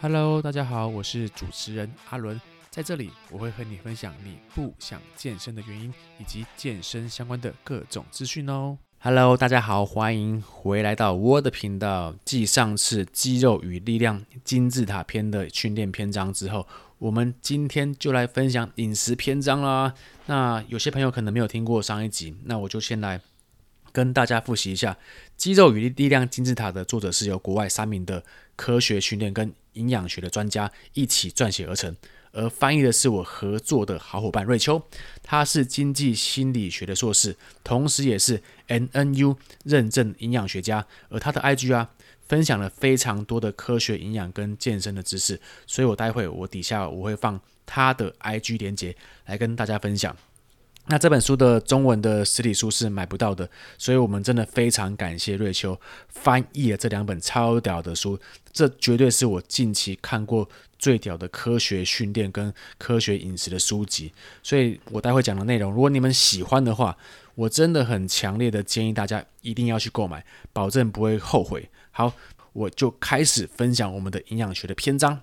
Hello，大家好，我是主持人阿倫，在這裡我會和你分享你不想健身的原因，以及健身相關的各種資訊哦。Hello，大家好，歡迎回來到我的頻道。繼上次《肌肉與力量金字塔》篇的訓練篇章之後，我們今天就來分享飲食篇章啦。那有些朋友可能沒有聽過上一集，那我就先來跟大家復習一下《肌肉與力量金字塔》的作者是由國外三名的科學訓練跟營養學的專家一起撰寫而成，而翻譯的是我合作的好夥伴睿秋，她是經濟心理學的碩士，同時也是 NNU 認證營養學家，而她的 IG 啊，分享了非常多的科學營養跟健身的知識，所以我待會我底下我會放她的 IG 連結來跟大家分享。那這本書的中文的實體書是買不到的，所以我們真的非常感謝睿秋翻譯了這兩本超屌的書。這絕對是我近期看過最屌的科學訓練跟科學飲食的書籍。所以我待會講的內容，如果你們喜歡的話，我真的很強烈的建議大家一定要去購買，保證不會後悔。好，我就開始分享我們的營養學的篇章。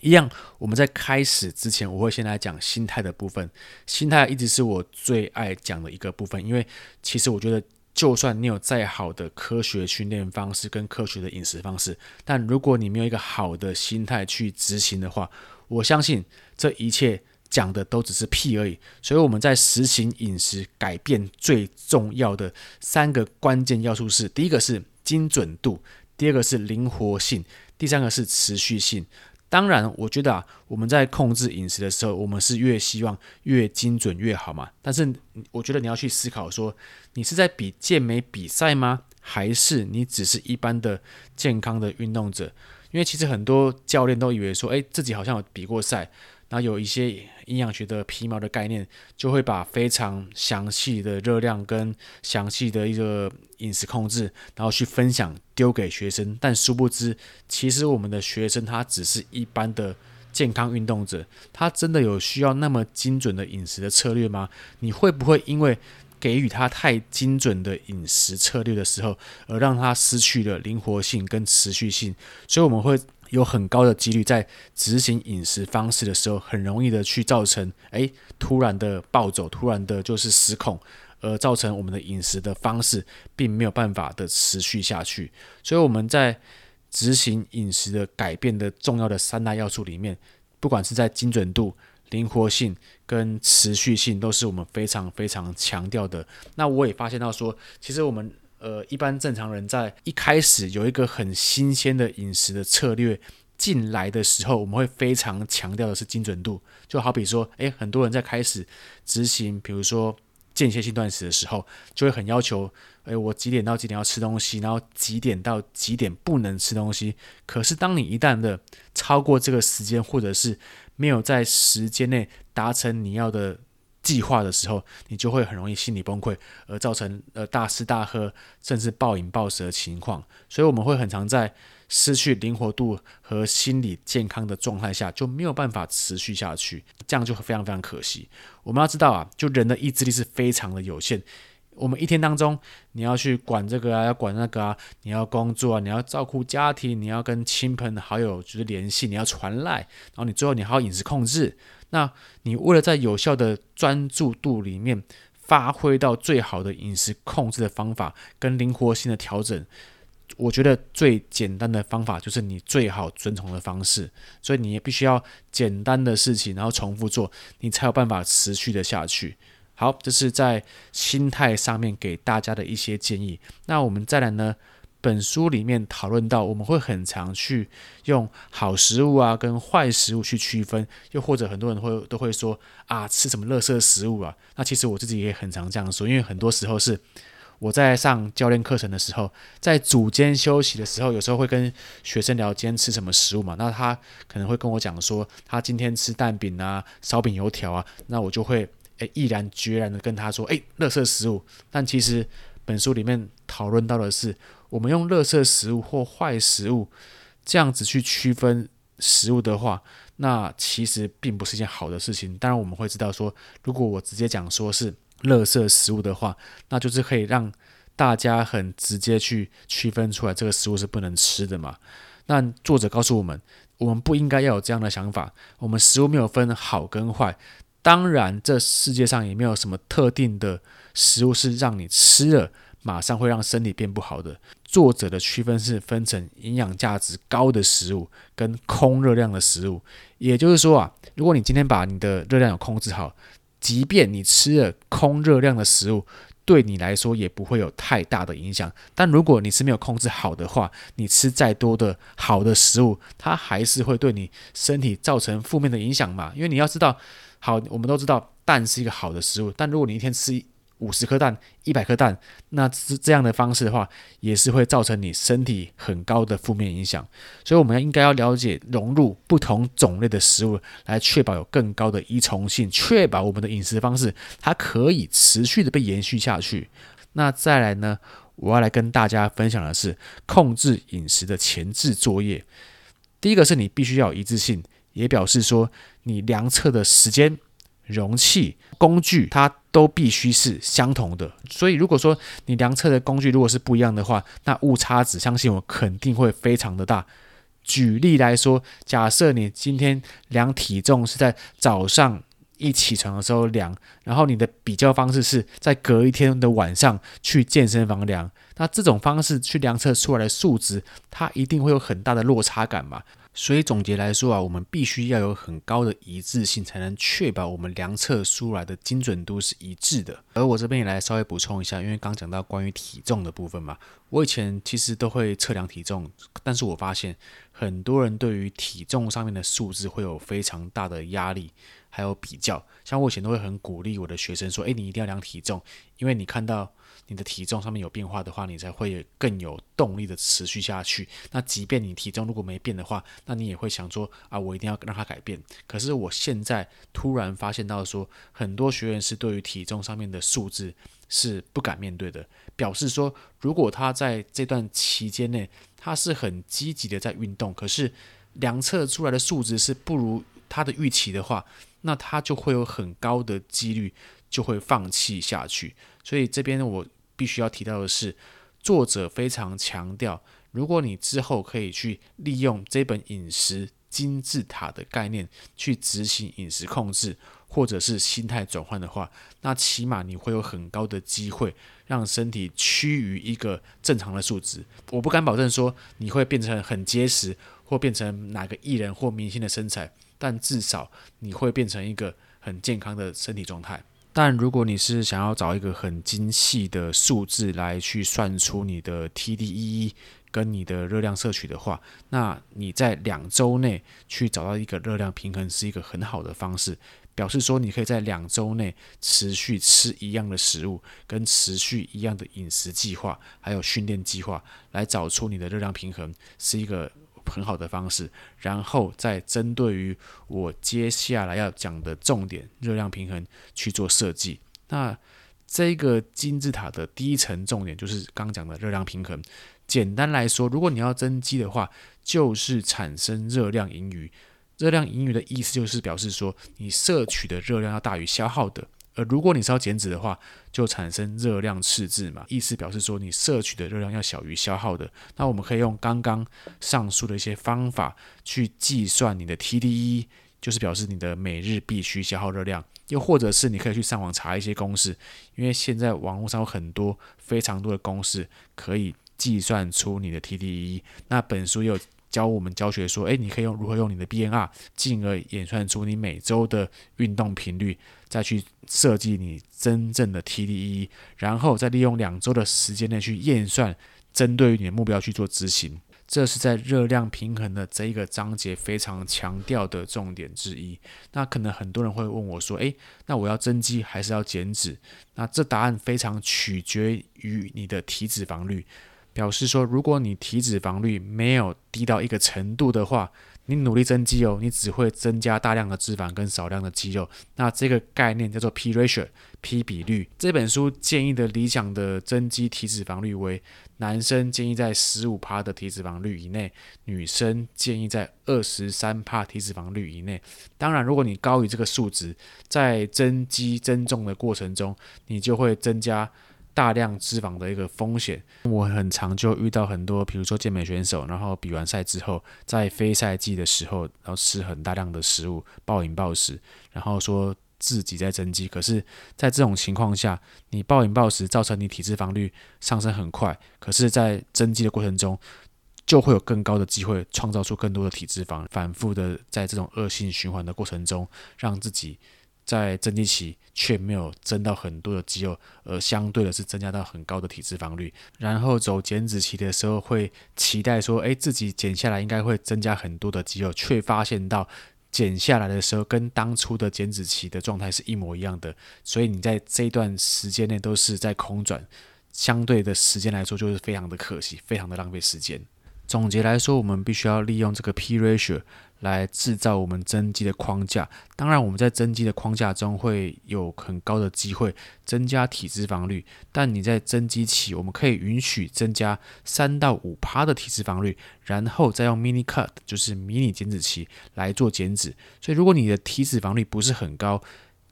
一樣，我們在開始之前，我會先來講心態的部分。心態一直是我最愛講的一個部分，因為其實我覺得，就算你有再好的科學訓練方式跟科學的飲食方式，但如果你沒有一個好的心態去執行的話，我相信這一切講的都只是屁而已。所以我們在實行飲食改變最重要的三個關鍵要素是：第一個是精準度，第二個是靈活性，第三個是持續性。當然，我覺得啊，我們在控制飲食的時候，我們是越希望越精準越好嘛。但是，我覺得你要去思考說，你是在比健美比賽嗎？還是你只是一般的健康的運動者？因為其實很多教練都以為說，誒，自己好像有比過賽，然後有一些。營養學的皮毛的概念，就會把非常詳細的熱量跟詳細的一個飲食控制，然後去分享丟給學生。但殊不知，其實我們的學生，他只是一般的健康運動者，他真的有需要那麼精準的飲食的策略嗎？你會不會因為給予他太精準的飲食策略的時候，而讓他失去了靈活性跟持續性？所以我們會。有很高的幾率在執行飲食方式的時候，很容易的去造成，欸，突然的暴走，突然的就是失控，而造成我們的飲食的方式並沒有辦法的持續下去。所以我們在執行飲食的改變的重要的三大要素裡面，不管是在精準度、靈活性跟持續性，都是我們非常非常強調的。那我也發現到說，其實我們。呃，一般正常人在一開始有一個很新鮮的飲食的策略進來的時候，我們會非常強調的是精準度。就好比說，哎，很多人在開始執行，比如說間歇性斷食的時候，就會很要求，哎，我幾點到幾點要吃東西，然後幾點到幾點不能吃東西。可是當你一旦的超過這個時間，或者是沒有在時間內達成你要的。計劃的時候，你就會很容易心理崩潰，而造成呃大吃大喝，甚至暴飲暴食的情況。所以我們會很常在失去靈活度和心理健康的狀態下，就沒有辦法持續下去，這樣就非常非常可惜。我們要知道啊，就人的意志力是非常的有限。我們一天當中，你要去管這個啊，要管那個啊，你要工作啊，你要照顧家庭，你要跟親朋好友就是聯繫，你要傳賴，然後你最後你還要飲食控制。那你為了在有效的專注度裡面發揮到最好的飲食控制的方法跟靈活性的調整，我覺得最簡單的方法就是你最好遵從的方式。所以你也必須要簡單的事情，然後重複做，你才有辦法持續的下去。好，這是在心態上面給大家的一些建議。那我們再來呢？本書裡面討論到，我們會很常去用好食物啊跟壞食物去區分，又或者很多人會都會說啊，吃什麼垃圾食物啊？那其實我自己也很常這樣說，因為很多時候是我在上教練課程的時候，在組間休息的時候，有時候會跟學生聊今天吃什麼食物嘛，那他可能會跟我講說，他今天吃蛋餅啊、燒餅、油條啊，那我就會。誒、欸，毅然決然的跟他說：“哎、欸，垃圾食物。”但其實，本書裡面討論到的是，我們用垃圾食物或壞食物這樣子去區分食物的話，那其實並不是一件好的事情。當然，我們會知道說，如果我直接講說是垃圾食物的話，那就是可以讓大家很直接去區分出來這個食物是不能吃的嘛。但作者告訴我們，我們不應該要有這樣的想法。我們食物沒有分好跟壞。當然，這世界上也沒有什麼特定的食物是讓你吃了馬上會讓身體變不好的。作者的區分是分成營養價值高的食物跟空熱量的食物。也就是說啊，如果你今天把你的熱量有控制好，即便你吃了空熱量的食物，對你來說也不會有太大的影響。但如果你是沒有控制好的話，你吃再多的好的食物，它還是會對你身體造成負面的影響嘛。因為你要知道，好，我們都知道蛋是一個好的食物，但如果你一天吃五十顆蛋，一百顆蛋，那這這樣的方式的話，也是會造成你身體很高的負面影響。所以，我們應該要了解融入不同種類的食物，來確保有更高的依從性，確保我們的飲食方式它可以持續的被延續下去。那再來呢，我要來跟大家分享的是控制飲食的前置作業。第一個是你必須要有一致性。也表示說，你量測的時間、容器、工具，它都必須是相同的。所以，如果說你量測的工具如果是不一樣的話，那誤差值，相信我肯定會非常的大。舉例來說，假設你今天量體重是在早上一起床的時候量，然後你的比較方式是在隔一天的晚上去健身房量，那這種方式去量測出來的數值，它一定會有很大的落差感嘛。所以總結來說啊，我們必須要有很高的一致性，才能確保我們量測出來的精準度是一致的。而我這邊也來稍微補充一下，因為剛講到關於體重的部分嘛，我以前其實都會測量體重，但是我發現很多人對於體重上面的數字會有非常大的壓力，還有比較。像我以前都會很鼓勵我的學生說，誒，你一定要量體重，因為你看到。你的體重上面有變化的話，你才會更有動力的持續下去。那即便你體重如果沒變的話，那你也會想說啊，我一定要讓它改變。可是我現在突然發現到說，很多學員是對於體重上面的數字是不敢面對的，表示說，如果他在這段期間內他是很積極的在運動，可是量測出來的數值是不如他的預期的話，那他就會有很高的幾率就會放棄下去。所以這邊我。必須要提到的是，作者非常強調，如果你之後可以去利用這本飲食金字塔的概念去執行飲食控制，或者是心態轉換的話，那起碼你會有很高的機會讓身體趨於一個正常的數值。我不敢保證說你會變成很結實，或變成哪個藝人或明星的身材，但至少你會變成一個很健康的身體狀態。但如果你是想要找一個很精細的數字來去算出你的 TDEE 跟你的熱量攝取的話，那你在兩周內去找到一個熱量平衡是一個很好的方式，表示說你可以在兩周內持續吃一樣的食物，跟持續一樣的飲食計劃，還有訓練計劃，來找出你的熱量平衡是一個很好的方式，然後再針對於我接下來要講的重點熱量平衡去做設計。那這個金字塔的第一層重點就是剛講的熱量平衡。簡單來說，如果你要增肌的話，就是產生熱量盈餘。熱量盈餘的意思就是表示說，你攝取的熱量要大於消耗的。呃，而如果你是要減脂的話，就產生熱量赤字嘛，意思表示說你攝取的熱量要小於消耗的。那我們可以用剛剛上述的一些方法去計算你的 TDE，就是表示你的每日必須消耗熱量。又或者是你可以去上網查一些公式，因為現在網絡上有很多非常多的公式可以計算出你的 TDE。那本書也有教我們教學說，誒，你可以用如何用你的 BMR，進而演算出你每周的運動頻率。再去設計你真正的 TDEE，然後再利用兩周的時間內去驗算，針對於你的目標去做執行。這是在熱量平衡的這一個章節非常強調的重點之一。那可能很多人會問我說：“誒，那我要增肌還是要減脂？”那這答案非常取決於你的體脂肪率。表示說，如果你體脂肪率沒有低到一個程度的話，你努力增肌哦，你只會增加大量的脂肪跟少量的肌肉。那這個概念叫做 P ratio，P 比率。這本書建議的理想的增肌體脂肪率為：男生建議在十五趴的體脂肪率以內，女生建議在二十三趴體脂肪率以內。當然，如果你高於這個數值，在增肌增重的過程中，你就會增加。大量脂肪的一個風險，我很常就遇到很多，比如說健美選手，然後比完賽之後，在非賽季的時候，然後吃很大量的食物，暴飲暴食，然後說自己在增肌。可是，在這種情況下，你暴飲暴食造成你體脂肪率上升很快，可是在增肌的過程中，就會有更高的機會創造出更多的體脂肪，反覆的在這種惡性循環的過程中，讓自己。在增肌期卻沒有增到很多的肌肉，而相對的是增加到很高的體脂肪率。然後走減脂期的時候，會期待說，哎，自己減下來應該會增加很多的肌肉，卻發現到減下來的時候，跟當初的減脂期的狀態是一模一樣的。所以你在這一段時間內都是在空轉，相對的時間來說，就是非常的可惜，非常的浪費時間。總結來說，我們必須要利用這個 P ratio 來制造我們增肌的框架。當然，我們在增肌的框架中會有很高的機會增加體脂肪率，但你在增肌期，我們可以允許增加三到五趴的體脂肪率，然後再用 mini cut，就是 mini 減脂期來做減脂。所以，如果你的體脂肪率不是很高，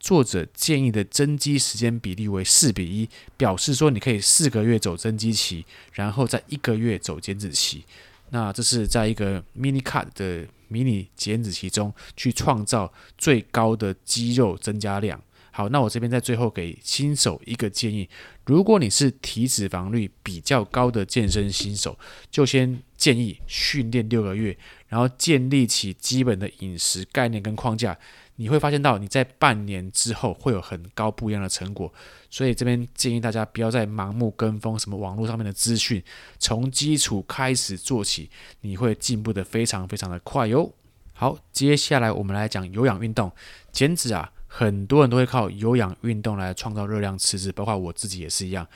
作者建議的增肌時間比例為四比一，表示說你可以四個月走增肌期，然後再一個月走減脂期。那這是在一個 mini cut 的迷你減脂期中去創造最高的肌肉增加量。好，那我這邊在最後給新手一個建議：如果你是體脂肪率比較高的健身新手，就先建議訓練六個月。然後建立起基本的飲食概念跟框架，你會發現到你在半年之後會有很高不一樣的成果。所以這邊建議大家不要再盲目跟風什麼網絡上面的資訊，從基礎開始做起，你會進步的非常非常的快哦。好，接下來我們來講有氧運動減脂啊，很多人都會靠有氧運動來創造熱量赤字，包括我自己也是一樣。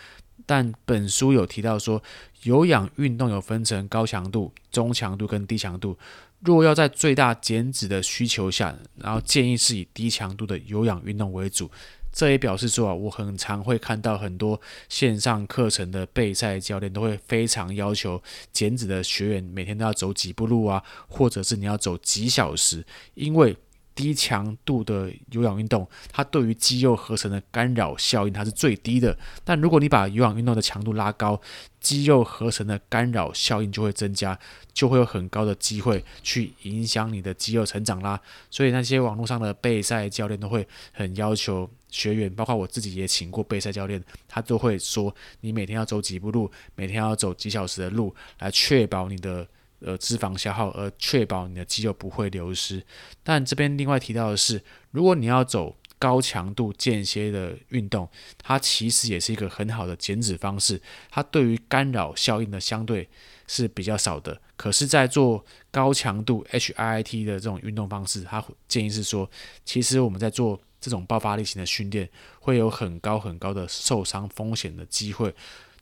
但本書有提到說，有氧運動有分成高強度、中強度跟低強度。若要在最大減脂的需求下，然後建議是以低強度的有氧運動為主。這也表示說啊，我很常會看到很多線上課程的備賽教練都會非常要求減脂的學員每天都要走幾步路啊，或者是你要走幾小時，因為。低強度的有氧運動，它對於肌肉合成的干擾效應它是最低的。但如果你把有氧運動的強度拉高，肌肉合成的干擾效應就會增加，就會有很高的機會去影響你的肌肉成長啦。所以那些網絡上的備賽教練都會很要求學員，包括我自己也請過備賽教練，他都會說，你每天要走幾步路，每天要走幾小時的路，來確保你的。呃，脂肪消耗，而確保你的肌肉不會流失。但這邊另外提到的是，如果你要走高強度間歇的運動，它其實也是一個很好的減脂方式。它對於干擾效應的相對是比較少的。可是，在做高強度 HIIT 的這種運動方式，它建議是說，其實我們在做這種爆發力型的訓練，會有很高很高的受傷風險的機會。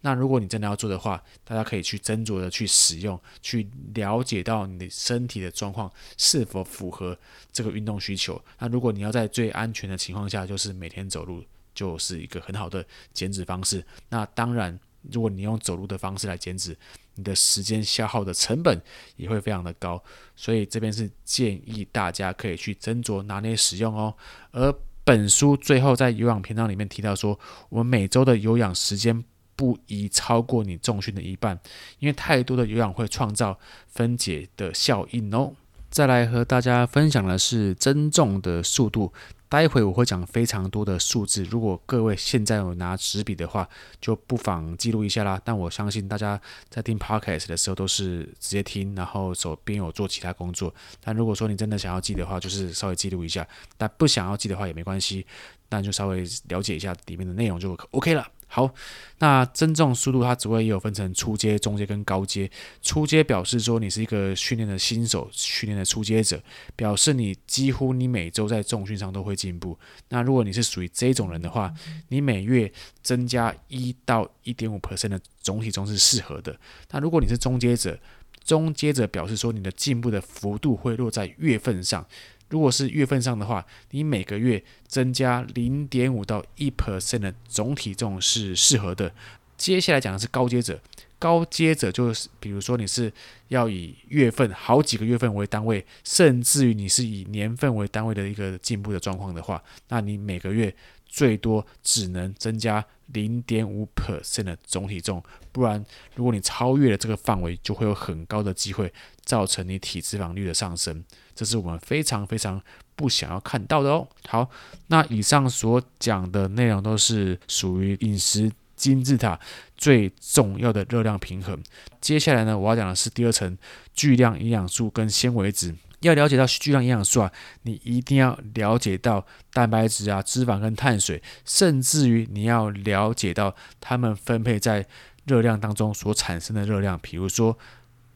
那如果你真的要做的話，大家可以去斟酌的去使用，去了解到你的身體的狀況是否符合這個運動需求。那如果你要在最安全的情況下，就是每天走路就是一個很好的減脂方式。那當然，如果你用走路的方式來減脂，你的時間消耗的成本也會非常的高。所以這邊是建議大家可以去斟酌拿捏使用哦。而本書最後在有氧篇章裡面提到說，我們每周的有氧時間。不宜超過你重訓的一半，因為太多的有氧會創造分解的效應哦。再來和大家分享的是增重的速度，待會我會講非常多的數字，如果各位現在有拿紙筆的話，就不妨記錄一下啦。但我相信大家在聽 podcast 的時候都是直接聽，然後手邊有做其他工作。但如果說你真的想要記的話，就是稍微記錄一下；但不想要記的話也沒關係，但就稍微了解一下裡面的內容就 OK 了。好，那增重速度它主要也有分成初階、中階跟高階。初階表示說你是一個訓練的新手，訓練的初階者，表示你幾乎你每周在重訓上都會進步。那如果你是屬於這種人的話，你每月增加一到一點五 percent 的總體重是適合的。那如果你是中階者，中階者表示說你的進步的幅度會落在月份上。如果是月份上的話，你每個月增加零點五到一 percent 的總體重是適合的。接下來講的是高階者。高階者就是，比如說你是要以月份好幾個月份為單位，甚至於你是以年份為單位的一個進步的狀況的話，那你每個月最多只能增加零點五 percent 的總體重，不然如果你超越了這個範圍，就會有很高的機會造成你體脂肪率的上升，這是我們非常非常不想要看到的哦。好，那以上所講的內容都是屬於飲食。金字塔最重要的熱量平衡。接下來呢，我要講的是第二層巨量營養素跟纖維質。要了解到巨量營養素啊，你一定要了解到蛋白質啊、脂肪跟碳水，甚至於你要了解到它們分配在熱量當中所產生的熱量，比如說。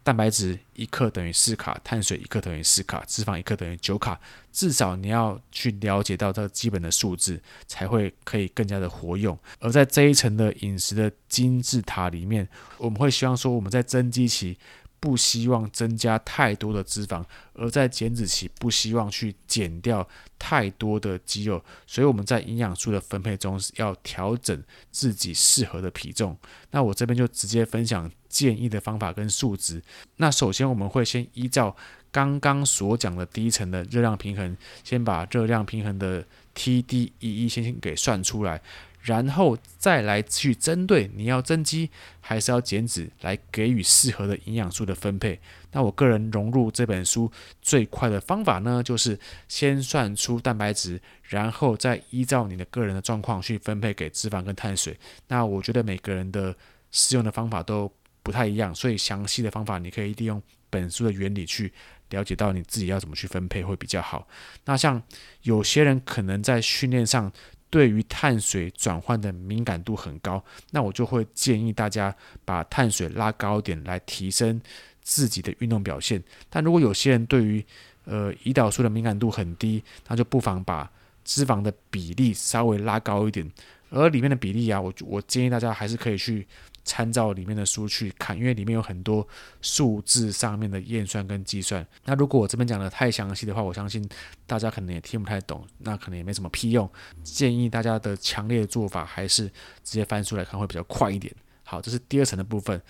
蛋白質一克等於四卡，碳水一克等於四卡，脂肪一克等於九卡。至少你要去了解到這基本的數字，才會可以更加的活用。而在這一層的飲食的金字塔裡面，我們會希望說，我們在增肌期，不希望增加太多的脂肪，而在減脂期不希望去減掉太多的肌肉，所以我們在營養素的分配中要調整自己適合的體重。那我這邊就直接分享建議的方法跟數值。那首先我們會先依照剛剛所講的第一層的熱量平衡，先把熱量平衡的 TDEE 先給算出來。然後再來去針對你要增肌，還是要減脂，來給予適合的營養素的分配。那我個人融入這本書最快的方法呢，就是先算出蛋白質，然後再依照你的個人的狀況去分配給脂肪跟碳水。那我覺得每個人的適用的方法都不太一樣，所以詳細的方法你可以利用本書的原理去了解到你自己要怎麼去分配會比較好。那像有些人可能在訓練上。對於碳水轉換的敏感度很高，那我就會建議大家把碳水拉高一點來提升自己的運動表現。但如果有些人對於呃胰島素的敏感度很低，那就不妨把脂肪的比例稍微拉高一點。而裡面的比例啊，我我建議大家還是可以去參照裡面的書去看，因為裡面有很多數字上面的驗算跟計算。那如果我這邊講得太詳細的話，我相信大家可能也聽不太懂，那可能也沒什麼屁用。建議大家的強烈的做法還是直接翻出來看會比較快一點。好，這是第二層的部分，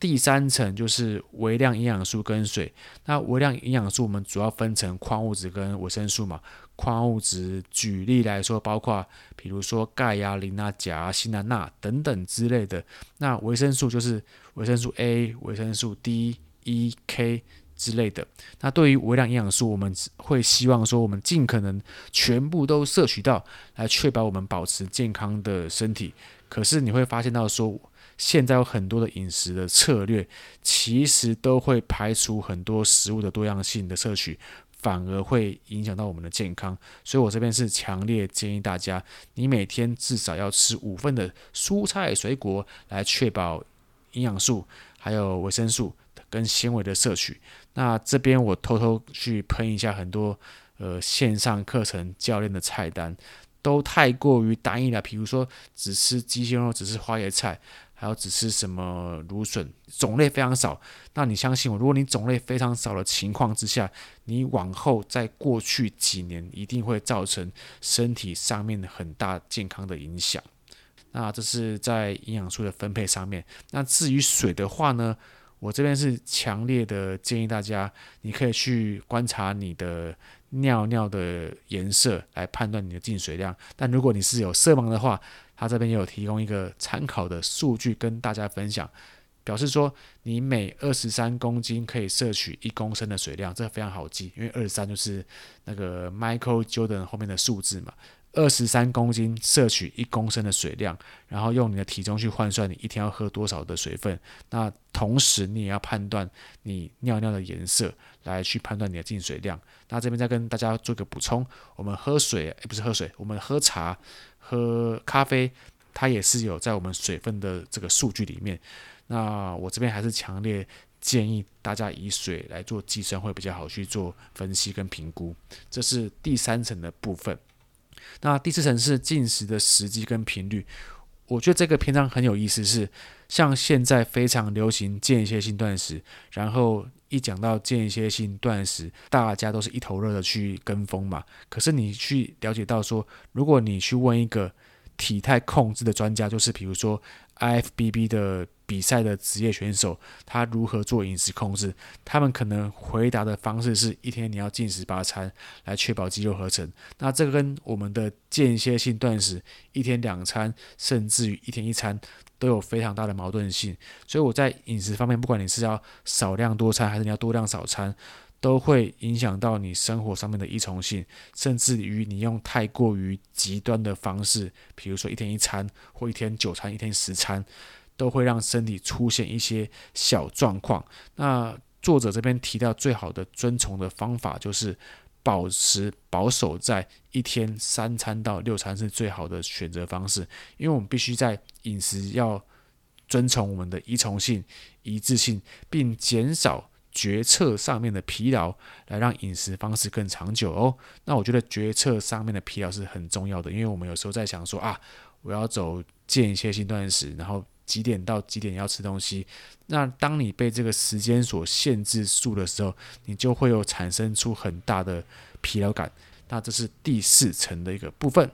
第三層就是微量營養素跟水。那微量營養素我們主要分成礦物質跟維生素嘛。礦物質，舉例來說，包括比如說鈣啊、磷啊、鉀啊、鋅啊、鈉等等之類的。那維生素就是維生素 A、維生素 D、E、K 之類的。那對於微量營養素，我們會希望說，我們盡可能全部都攝取到，來確保我們保持健康的身體。可是你會發現到說，現在有很多的飲食的策略，其實都會排除很多食物的多樣性的攝取。反而會影響到我們的健康，所以我這邊是強烈建議大家，你每天至少要吃五份的蔬菜水果，來確保營養素、還有維生素跟纖維的攝取。那這邊我偷偷去噴一下，很多呃線上課程教練的菜單都太過於單一了，比如說只吃雞胸肉，只吃花椰菜。還有只吃什麼蘆筍，種類非常少。那你相信我，如果你種類非常少的情況之下，你往後在過去幾年一定會造成身體上面很大健康的影響。那這是在營養素的分配上面。那至於水的話呢，我這邊是強烈的建議大家，你可以去觀察你的尿尿的顏色來判斷你的進水量。但如果你是有色盲的話，他這邊也有提供一個參考的數據跟大家分享，表示說，你每二十三公斤可以攝取一公升的水量，這非常好記，因為二十三就是那個 Michael Jordan 後面的數字嘛。二十三公斤攝取一公升的水量，然後用你的體重去換算，你一天要喝多少的水分？那同時你也要判斷你尿尿的顏色，來去判斷你的進水量。那這邊再跟大家做一個補充，我們喝水，哎，不是喝水，我們喝茶、喝咖啡，它也是有在我們水分的這個數據裡面。那我這邊還是強烈建議大家以水來做計算，會比較好去做分析跟評估。這是第三層的部分。那第四層是進食的時機跟頻率，我覺得這個篇章很有意思。是像現在非常流行間歇性斷食，然後一講到間歇性斷食，大家都是一頭熱的去跟風嘛。可是你去了解到說，如果你去問一個體態控制的專家，就是比如說。IFBB 的比賽的職業選手，他如何做飲食控制？他們可能回答的方式是一天你要進食八餐，來確保肌肉合成。那這個跟我們的間歇性斷食，一天兩餐，甚至於一天一餐，都有非常大的矛盾性。所以我在飲食方面，不管你是要少量多餐，還是你要多量少餐。都會影響到你生活上面的依從性，甚至於你用太過於極端的方式，比如說一天一餐或一天九餐、一天十餐，都會讓身體出現一些小狀況。那作者這邊提到最好的遵從的方法，就是保持保守，在一天三餐到六餐是最好的選擇方式，因為我們必須在飲食要遵從我們的依從性、一致性，並減少。決策上面的疲勞，來讓飲食方式更長久哦。那我覺得決策上面的疲勞是很重要的，因為我們有時候在想說啊，我要走間歇性斷食，然後幾點到幾點要吃東西。那當你被這個時間所限制住的時候，你就會有產生出很大的疲勞感。那這是第四層的一個部分。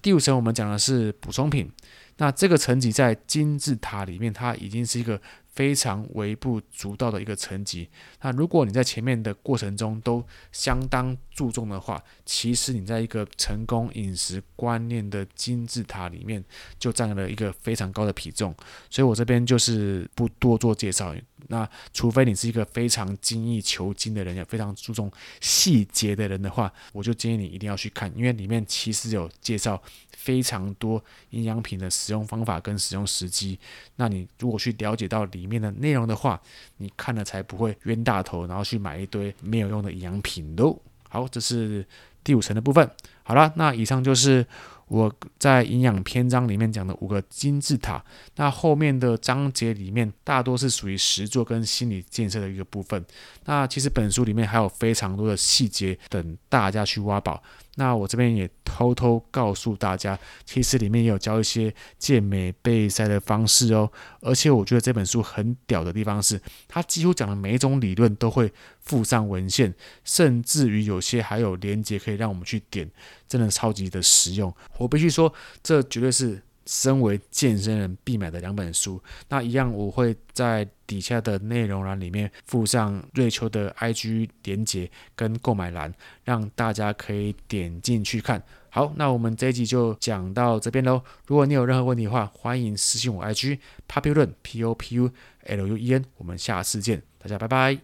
第五層我們講的是補充品。那這個層級在金字塔裡面，它已經是一個。非常微不足道的一個層級。那如果你在前面的過程中都相當注重的話，其實你在一個成功飲食觀念的金字塔裡面就占了一個非常高的比重。所以我這邊就是不多做介紹。那除非你是一個非常精益求精的人，也非常注重細節的人的話，我就建議你一定要去看，因為裡面其實有介紹。非常多營養品的使用方法跟使用時機，那你如果去了解到裡面的內容的話，你看了才不會冤大頭，然後去買一堆沒有用的營養品嘍。好，這是第五層的部分。好了，那以上就是。我在營養篇章裡面講的五個金字塔，那後面的章節裡面大多是屬於實作跟心理建設的一個部分。那其實本書裡面還有非常多的細節等大家去挖寶。那我這邊也偷偷告訴大家，其實裡面也有教一些健美備賽的方式哦。而且我覺得這本書很屌的地方是，它幾乎講的每一種理論都會，附上文獻，甚至於有些還有連接可以讓我們去點，真的超級的實用。我必須說，這絕對是身為健身人必買的兩本書。那一樣，我會在底下的內容欄裡面附上睿秋的 IG 連接跟購買欄，讓大家可以點進去看。好，那我們這一集就講到這邊嘍。如果你有任何問題的話，歡迎私信我 IG Populuen P O P U L U E N。我們下次見，大家拜拜。